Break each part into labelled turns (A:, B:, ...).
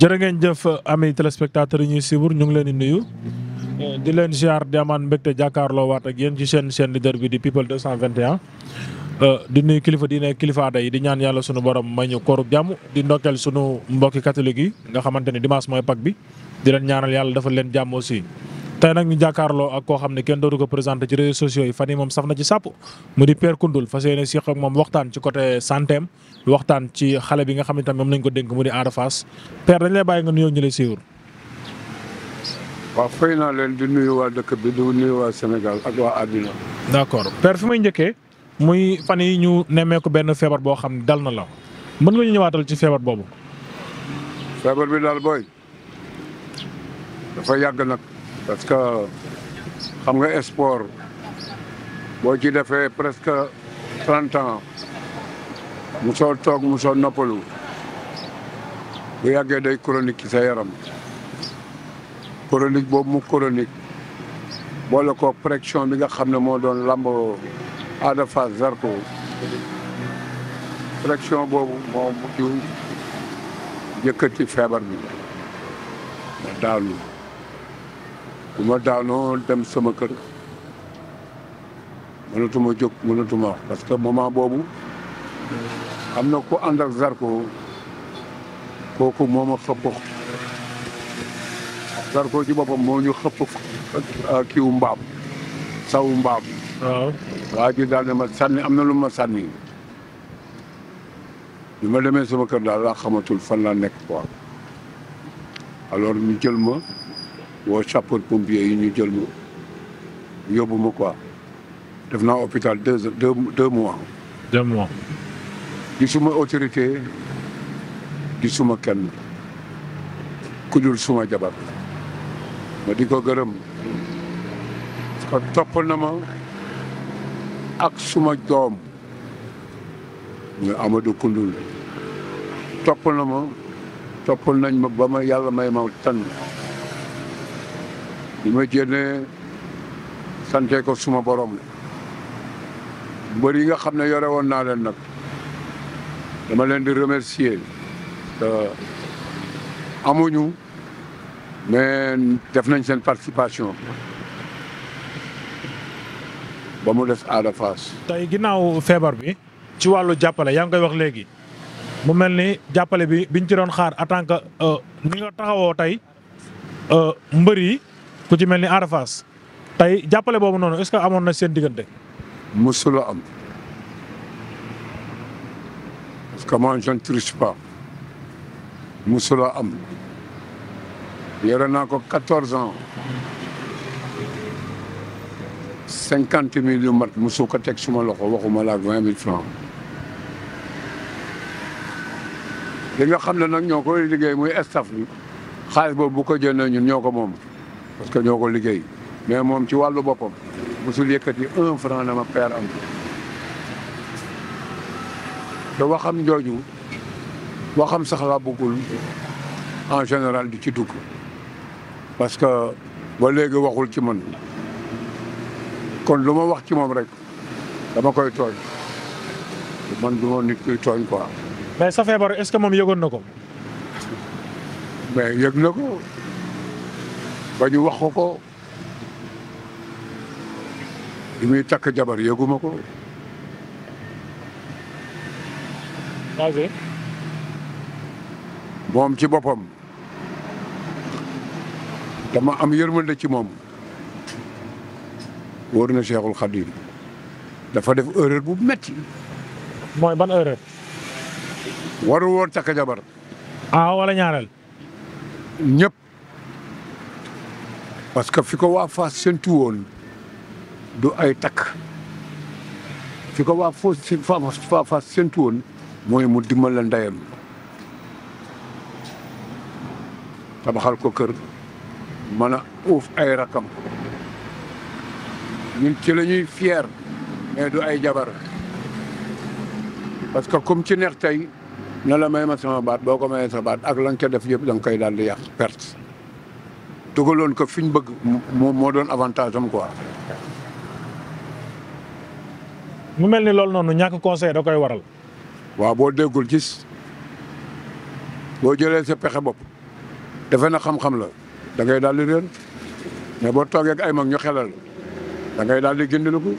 A: jërë ngeen jëf ami téléspectateurs yi ñuy suivre ñu ngi leen di nuyu di leen ziar di amaan mbégte jàkkaarloo waat ak yéen ci seen seen leader bi di people 221. Euh, di nuy kilifa di ne kilifa aada yi di ñaan yàlla sunu borom may ñu kooru jàmm di ndokkeel sunu mbokki catholique yi nga xamante ni dimanche mooy Pâques bi di leen ñaanal yàlla dafa leen jàmmoo aussi. tey nag ñu jàkkaarloo ak koo xam ne kenn dootu ko présenté ci réseaux sociaux yi fan yi moom saf na ci sàpp mu di Père Koundoul fas yéene si ak moom waxtaan ci côté santé am waxtaan ci xale bi nga xam ne tamit moom nañ ko dénk mu di Ada Fass Père lay bàyyi nga nuyoo ñu lay siiwur.
B: waaw fay naa leen di nuyu waa dëkk bi di nuyu waa Sénégal ak waa àddina.
A: d'accord Père fi may njëkkee muy fan yi ñu nemmeeku benn feebar boo xam ne dal na la mën nga ñu ñëwaatal ci feebar boobu.
B: feebar bi daal booy yàgg nag. parce que xam nga sport boo ci defee presque trente ans musoo toog musoo noppalu bu yàggee day chronique ci sa yaram chronique boobu mu chronique boole ko pression bi nga xam ne moo doon làmb Ada Fass Zarko pression boobu moo mujj yëkkati feebar bi daanu bu ma daanoo dem sama kër mënatuma jóg mënatuma parce que moment boobu am na ko ànd ak Zarko kooku moo ma xëpp Zarko ci boppam moo ñu xëpp kiiw mbaam saw mbaam waaw waa ji daal ma sànni am na lu ma sànni bi ma demee sama kër daal laa xamatul fan laa nekk quoi alors ñu jël woo sapeur pompier yi ñu jël ma yóbbu ma quoi def naa hôpital deux deux deux mois. deux mois. gisuma autorité gisuma kenn ku dul suma jabar ma di ko gërëm parce que topp na ma ak suma doom ñu Amadou Koundoul topp na ma toppal nañ ma ba ma yàlla may ma tànn. bi ma génnee sante ko suma borom la mbër yi nga xam ne yore woon naa leen nag dama leen di remercier amuñu mais def nañ seen participation ba mu des Ada Fass.
A: tey ginnaaw feebar bi ci wàllu jàppale yaa ngi koy wax léegi mu mel ni jàppale bi biñ ci doon xaar en tant que euh, ni nga taxawoo tey euh, mbër yi ku ci mel ni Ada Fass tey jàppale boobu noonu est-ce que amoon na seen diggante.
B: mosula am parce que moi je ne triche pas am yore naa ko quatorze ans cinquante mille yu mat mosu ko teg suma loxo waxuma la ak vingt mille francs ki nga xam ne nag ñoo koy liggéey muy staff bi xaalis boobu bu ko jëlee ñun ñoo ko moom. parce que ñoo ko liggéey mais moom ci wàllu boppam mosul yëkkati un franc na ma père am te waxam jooju waxam sax laa bëggul en général di ci dugg parce que ba léegi waxul ci man kon lu ma wax ci moom rek dama koy tooñ man du ma nit kuy tooñ quoi. mais sa feebar est-ce que moom yëgoon na ko. mais yëg na ko. ba ñu wax ko ko bi muy takk jabar yeguma ko. moom ci boppam dama am yërmande ci moom wóor na Cheikhul Khadim dafa def erreur bu metti mooy ban erreur. waru woon takk jabar. ah wala ñaareel. ñépp parce que fi ko waafa Fass du ay takk fi ko waa Fass Fass séntu mooy mu dimbal la ndeyam tabaxal ko kër mana a ay rakam ñun ci la ñuy fier mais du ay jabar parce que comme ci neex tey na la may ma sama baat boo ko mayee sa ak lan def yëpp da nga koy daal di dugaloon ko fi ñu bëgg moo doon avantage am quoi.
A: mu mel ni loolu noonu ñàkk conseil da koy waral.
B: waaw boo déggul gis boo jëlee sa pexe bopp defe na xam-xam la dangay daal di réer mais boo toogeek ay mag ñu xelal dangay daal di gindiliku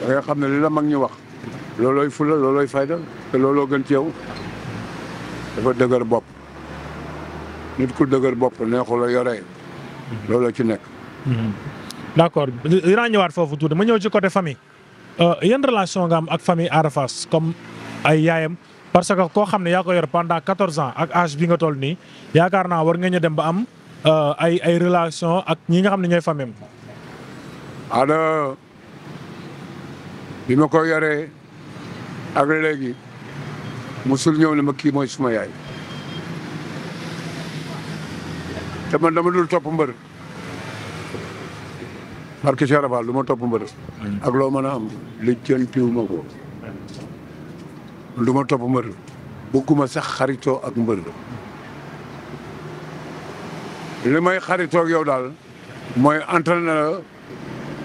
B: da ngay xam ne li la mag ñu wax loolooy fula loolooy fayda te looloo gën ci yow dafa dëgër bopp nit ku dëgër bopp neexu la yore. Mhm. loolu ci nekk.
A: Mhm. d' accord dinaa ñëwaat foofu tuuti ma ñëw ci côté famille euh, yan relation nga am ak famille Ada Fass comme ay yaayam parce que koo xam ne yaa ko yor pendant quatorze ans ak âge bi nga toll nii yaakaar naa war nga ñu dem ba am euh, ay ay relation ak ñii nga xam ne ñooy famille
B: am. bi ma ko yoree ak léegi musul ñëw ne ma kii mooy suma yaay. te ma dama dul topp mbër parce que Cheikh Raval du ma topp mbër ak loo mën a am lijjantiwu ma ko du ma topp mbër bëgguma sax xaritoo ak mbër li may xaritoo ak yow daal mooy entraîneur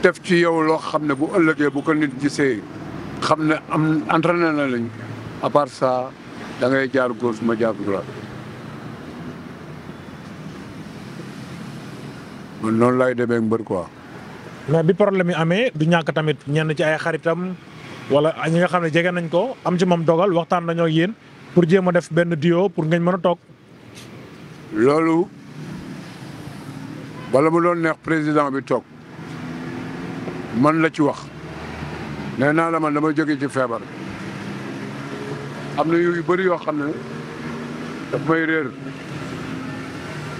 B: def ci yow loo xam ne bu ëllëgee bu ko nit gisee xam ne am entraîneur na lañ à part ça da ngay ma jaar droite man noonu laay demee ak mbër quoi.
A: mais bi problème yi amee du ñàkk tamit ñenn ci ay xaritam wala ñi nga xam ne jege nañ ko am ci moom dogal waxtaan nañoo ak yéen pour jéem a def benn duo pour ngeen mën a toog.
B: loolu bala mu doon neex président bi toog man la ci wax nee naa la man dama jóge ci feebar am na yu bari yoo xam ne daf may réer.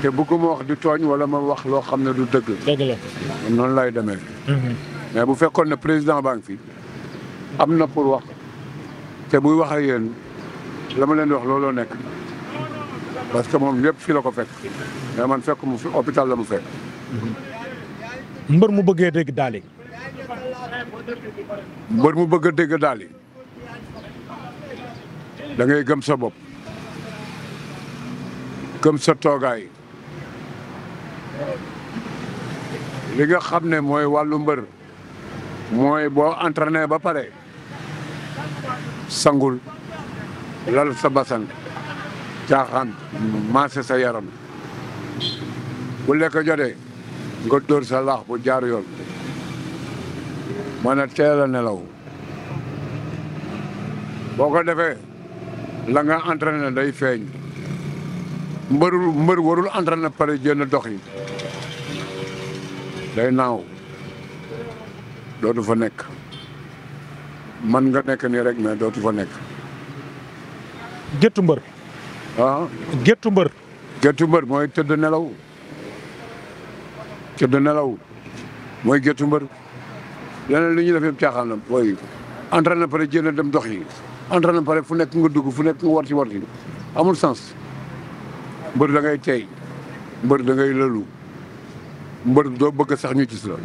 B: te bëgguma wax di tooñ wala ma wax loo xam ne du dëgg. dëgg la noonu lay demee. Mm-hmm. mais bu fekkoon ne président baa ngi fi am na pour wax te buy wax ak yéen la leen di wax looloo nekk parce que moom lépp fii la ko fekk mais man fekk mu fi hôpital la mu fekk. Mm-hmm. mbër mu bëggee dégg daal mbër mu bëgg a dégg daali yi da ngay gëm sa bopp gëm sa toogaay. li nga xam ne mooy wàllu mbër mooy boo entraîné ba pare sangul lal sa basan caaxaan maase sa yaram bu lekk jotee nga dóor sa laax bu jaar yoon mën a teel a nelaw boo ko defee la nga entraîné day feeñ mbër mbër warul entraîné pare jënd dox yi day naaw dootu fa nekk man nga nekk nii rek mais dootu fa nekk. géttu mbër. ah. géttu mbër. géttu mbër mooy tëdd nelaw tëdd nelaw mooy géttu mbër leneen li ñuy def yëpp caaxaan la mooy entraîné pare jënd dem dox yi entraîné pare fu nekk nga dugg fu nekk nga war ci war ci amul sens. mbër da ngay tey mbër da ngay lëlu mbër doo bëgg sax ñu gis la.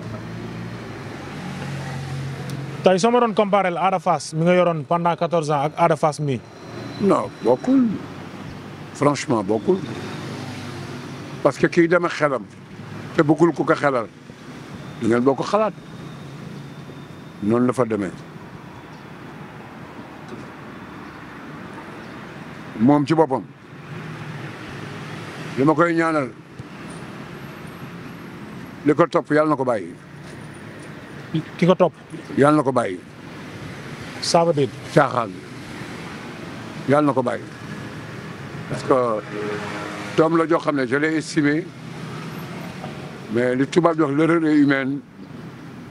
A: tey soo ma doon comparé la mi nga yoroon pendant quatorze ans
B: ak Ada Fass mii. non bokkul franchement bokkul parce que kii deme xelam te bëggul ku ko xelal da ngeen bokk xalaat noonu la fa demee. moom ci boppam. li ma koy ñaanal li ko topp yàlla na ko bàyyi. ki ko topp. yàlla na ko bàyyi. saaba déet. caaxaan yàlla na ko bàyyi parce que toom la joo xam ne je l'ai estimé mais li tubaab jox wax l'erreur est humaine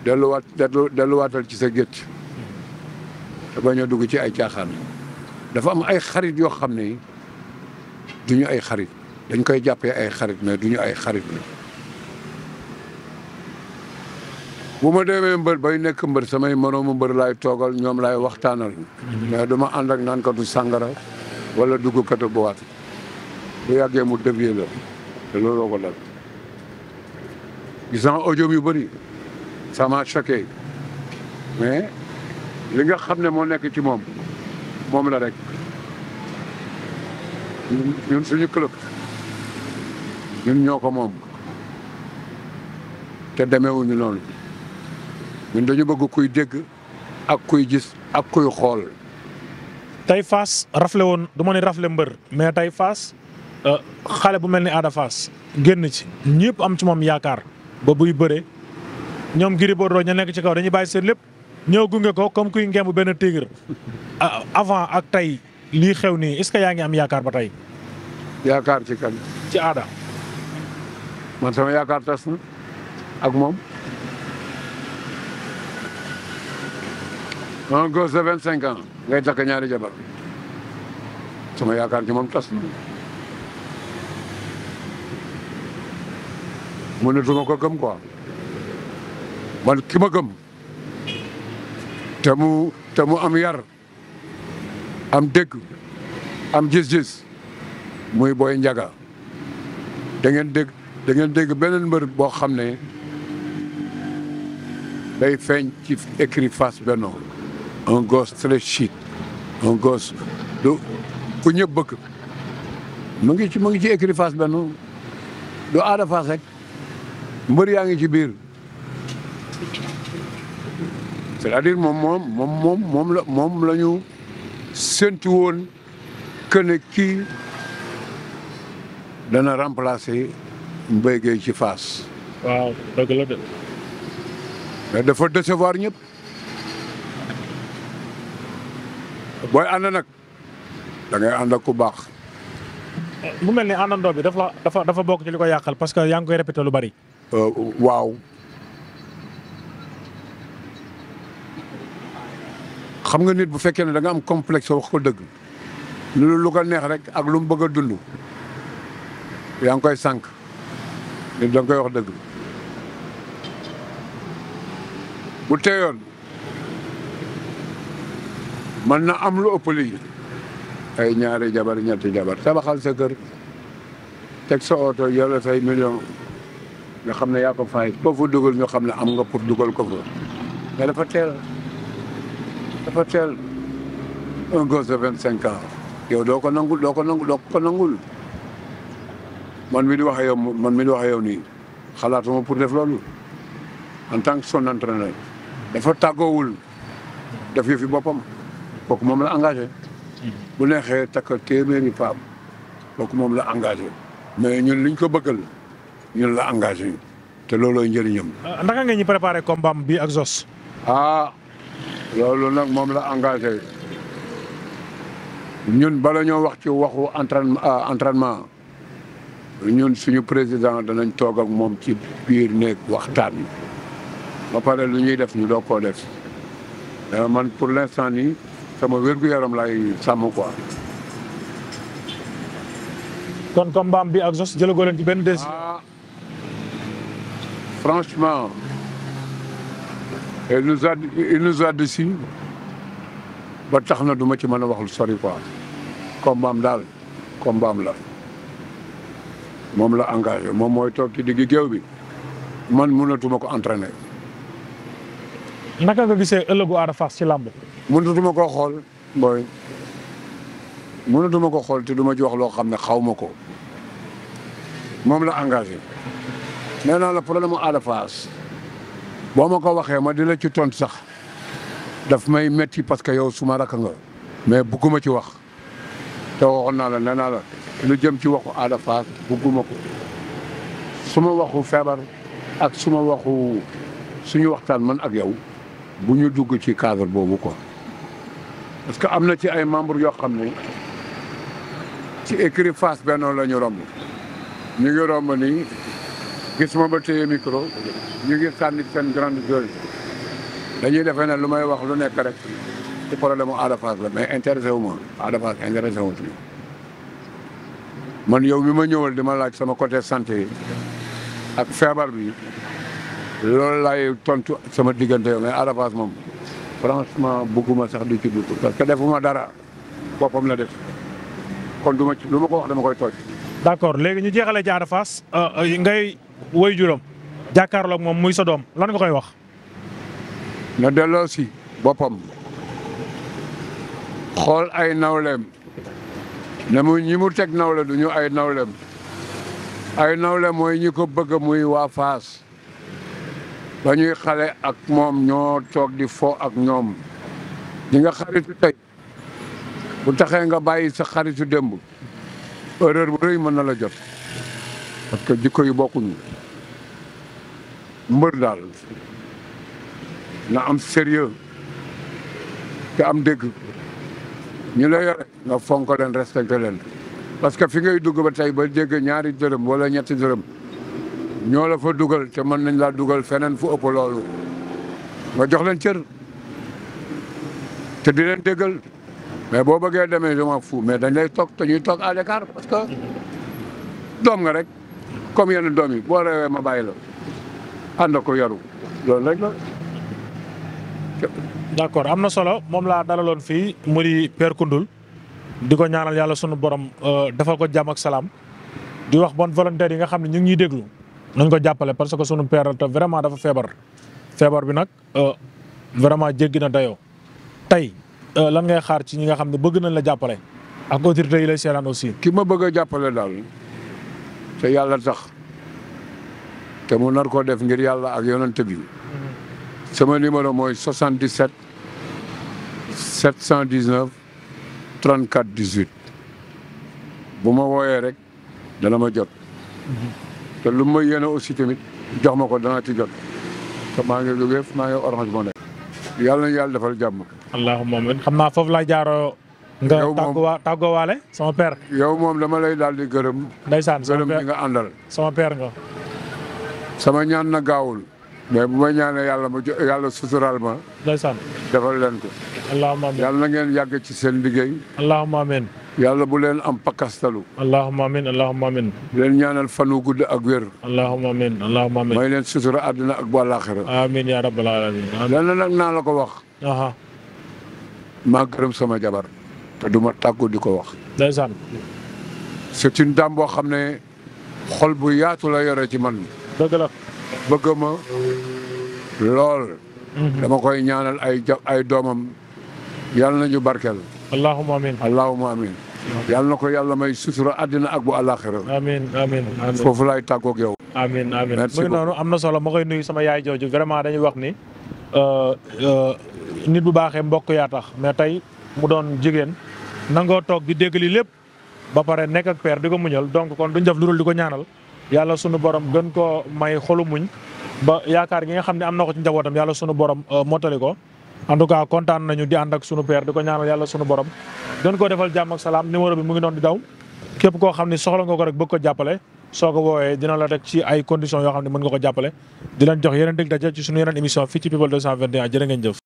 B: delluwaat ci sa gétt te bañ dugg ci ay caaxaan dafa am ay xarit yoo xam ne du ñu ay xarit. dañ koy jàppee ay xarit mais duñu ay xarit la bu ma demee mbër bay nekk mbër samay moroomu mbër laay toogal ñoom laay waxtaanal. mais duma ànd ak naan du sàngara wala dugg katu boîte bu yàggee mu dévier la te looloo ko dal gis naa audio yu bëri ça m'a mais li nga xam ne moo nekk ci moom moom la rek ñun suñu club ñun ñoo ko moom te demewuñu noonu ñun dañu bëgg kuy dégg ak kuy gis ak kuy xool.
A: tey Fass rafle woon du ma ne rafle mbër mais tey Fass euh, xale bu mel ni Ada Fass génn ci ñëpp am ci moom yaakaar ba buy bëre ñoom Gris Bordeaux ña nekk ci kaw dañuy bàyyi seen lépp ñëw gunge ko comme kuy ngemb benn tigre euh, avant ak tey lii xew nii est-ce que yaa ngi am yaakaar ba tey.
B: yaakaar ci kan. ci Ada. man sama yaakaar tas na ak moom. un gosse de vingt cinq ans ngay takk ñaari jabar sama yaakaar ji moom tas na. mënatuma ko gëm quoi man ki ma gëm te mu te mu am yar am dégg am gis-gis muy booy njaga da ngeen dégg. da ngeen dégg beneen mbër boo xam ne day feeñ ci écrit face benno un gosse très chic un gosse du ku ñëpp bëgg mu ngi ci mu ngi ci écrit face benno du aada rek mbër yaa ngi ci biir c'est-à-dire moom moom moom moom moom la moom la ñu séntu woon que ne kii dana remplacer mu Gueye ci Fass.
A: waaw dëgg la
B: mais dafa décevoir ñëpp. booy ànd nag da ngay ànd ak ku baax.
A: mu mel ni àndandoo bi dafa dafa dafa bokk ci li ko yàqal parce que yaa ngi koy répété lu bari.
B: Euh, waaw. xam nga nit bu fekkee ne danga am complexe wax ko dëgg. lu lu ko neex rek ak lu mu bëgg a dund. yaa ngi koy sànq. nit da koy wax dëgg bu teyoon man na am lu ëpp lii ay ñaari jabar ñetti jabar tabaxal sa kër teg sa oto sa say million nga xam ne yaa ko fay boo fa xam ne am nga pour dugal ko fa mais dafa teel dafa teel un gosse de vingt cinq ans yow doo ko nangul doo ko nangul doo ko nangul man mi di waxee yow man mi di wax yow nii xalaatuma pour def loolu en tant que son entraîneur dafa tàggoowul def fi boppam kooku moom la engagé bu neexee takk téeméeri paam kooku moom la engagé mais ñun liñ ko bëggal ñun la engagé te loolooy njëriñam. Ah, naka nga ñu
A: préparé baam
B: bi ak Zoss. ah loolu nag moom la engagé ñun bala ñoo wax ci waxu ah, entraînement entraînement. ñun suñu président danañ toog ak moom ci biir néeg waxtaan ba pare lu ñuy def ñu doo koo def euh, man pour l'instant ni sama wér-gu-yaram lay sàmm ko kon combat bi ak Zoss jëlagoo leen ci benn décision. Ah, franchement il nous a il nous a ba tax na duma ci mën a wax lu sori quoi combat am daal combat la. moom la engagé moom mooy toog ci digg géew bi man munatuma ko entraîner.
A: naka nga gisee ëllëgu Ada Fass ci làmb.
B: mënatuma koo xool booy mënatuma ko xool te duma ci wax loo xam ne xaw ko moom la engage nee naa la problème mu Ada boo ma ko waxee ma di la ci tontu sax daf may metti parce que yow suma rakk nga mais bugguma ci wax. te waxoon naa la nee la lu jëm ci waxu Ada Fass bugguma ko suma waxu feebar ak suma waxu suñu waxtaan man ak yow bu ñu dugg ci cadre boobu ko parce que am na ci ay membres yoo xam ne ci écrit face benn la ñu romb ñu ngi romb nii gis ma ba téye micro ñu ngi sànni seen grande gueule dañuy defee ne lu may wax lu nekk rek ci problème mu la mais intéressé wu ma Ada Fass intéressé wu man yow bi ma ñëwal di ma laaj sama côté santé ak feebar bi loolu laay tontu sama diggante yow mais Ada Fass moom franchement bëgguma sax du ci dugg parce que defuma dara boppam la def kon du ma ci lu ma ko wax dama koy tooj. d'accord léegi ñu jeexalee ci Ada
A: Fass euh, euh, ngay woy juróom jàkkaarloog moom muy sa doom lan nga koy wax.
B: na delloo si boppam xool ay nawleem ne mu ñi teg nawle du ñu ay nawleem ay nawle mooy ñi ko bëgg muy waa Faas ba ñuy xale ak moom ñoo toog di fo ak ñoom di nga xaritu tey bu taxee nga bàyyi sa xaritu démb erreur bu rëy mën na la jot parce que jikko yu bokkuñu mbër daal na am sérieux te am dégg ñu la yore nga fonk leen respecté leen parce que fi ngay dugg ba tey ba dégg ñaari dërëm wala ñetti dërëm ñoo la fa dugal te mën nañ laa dugal feneen fu ëpp loolu nga jox leen cër te di leen déggal mais boo bëggee demee je m'en fous mais dañ lay toog te ñuy toog à l'écart parce que doom nga rek comme yenn doom yi boo rewee ma bàyyi lo ànd ko yaru loolu rek la d'accord am na solo moom laa dalaloon
A: fii mu di Père Koundoul di ko ñaanal yàlla sunu borom euh, defal ko jàmm ak salaam di wax bonne volonté yi nga xam ne ñu ngi ñuy déglu nañ ko jàppale parce que sunu père te vraiment dafa feebar. feebar bi nag euh, vraiment jéggi na dayoo tey euh, lan ngay xaar ci ñi nga xam ne bëgg
B: nañ la jàppale ak autorité yi lay seetaan aussi. ki ma bëgg jàppale daal te yàlla tax te mu nar koo def ngir yàlla ak yonent bi mm-hmm. sama numéro mooy 77. 719 34 18 bu ma wooyee rek dana ma jot. te lu ma yéene aussi tamit jox ma ko danaa ci jot te maa ngi jógee maa ngi orange moo nekk. na yàlla defal jàmm. allahumma amiin xam naa foofu laa jaaroo. nga tàgguwaa tàggoowaale sama père. yow moom dama lay daal di gërëm. ndeysaan sama père gërëm nga àndal. sama père nga. sama ñaan na gaawul. mais bu ma ñaanee yàlla ma jo yàlla suturaal ma. ndeysaan. defal leen ko. allahumma amiin yàlla na ngeen yàgg ci seen liggéey. allahumma amiin. yàlla bu leen am pakkastalu. allahumma amiin allahumma amiin. leen ñaanal fan gudd ak wér. allahumma amiin allahumma amiin. may leen sutura àddina ak bu àllaaxira. amiin yaa rabbal aalamiin. lenn nag naa la ko wax. maa gërëm sama jabar. te duma ma di ko wax. ndeysaan. c'est une boo xam ne xol bu yaatu la yore ci man. dëgg la. bëgg ma lool. Mhm. dama koy ñaanal ay ja ay doomam yàlla nañu barkeel. allahumma amin allahumma amin. yàlla na ko yàlla may sutura àddina ak bu àllaaxira.
A: amiin amiin amiin foofu
B: laay tàggoog yow.
A: amiin amiin merci beaucoup noonu am na solo ma koy nuyu sama yaay jooju vraiment dañuy wax ni. Euh, euh, nit bu baaxee mbokk yaa tax mais tey mu doon jigéen nangoo toog di dégg li lépp ba pare nekk ak père di ko muñal donc kon duñ def lu dul di ko ñaanal. yàlla sunu borom gën koo may xolu muñ ba yaakaar gi nga xam ne am na ko ci njabootam yàlla sunu borom euh, mottali ko en tout kontaan nañu di ànd ak sunu père di ko ñaanal yàlla sunu borom gën koo defal jàmm ak salaam numéro bi mu ngi noonu di daw képp koo xam ne soxla nga ko rek bëgg ko jàppale soo ko woowee dina la teg ci ay conditions yoo xam ne mën nga ko jàppale di jox yeneen dëgg daje sunu yeneen émission fii ci People 221 jërë ngeen jëf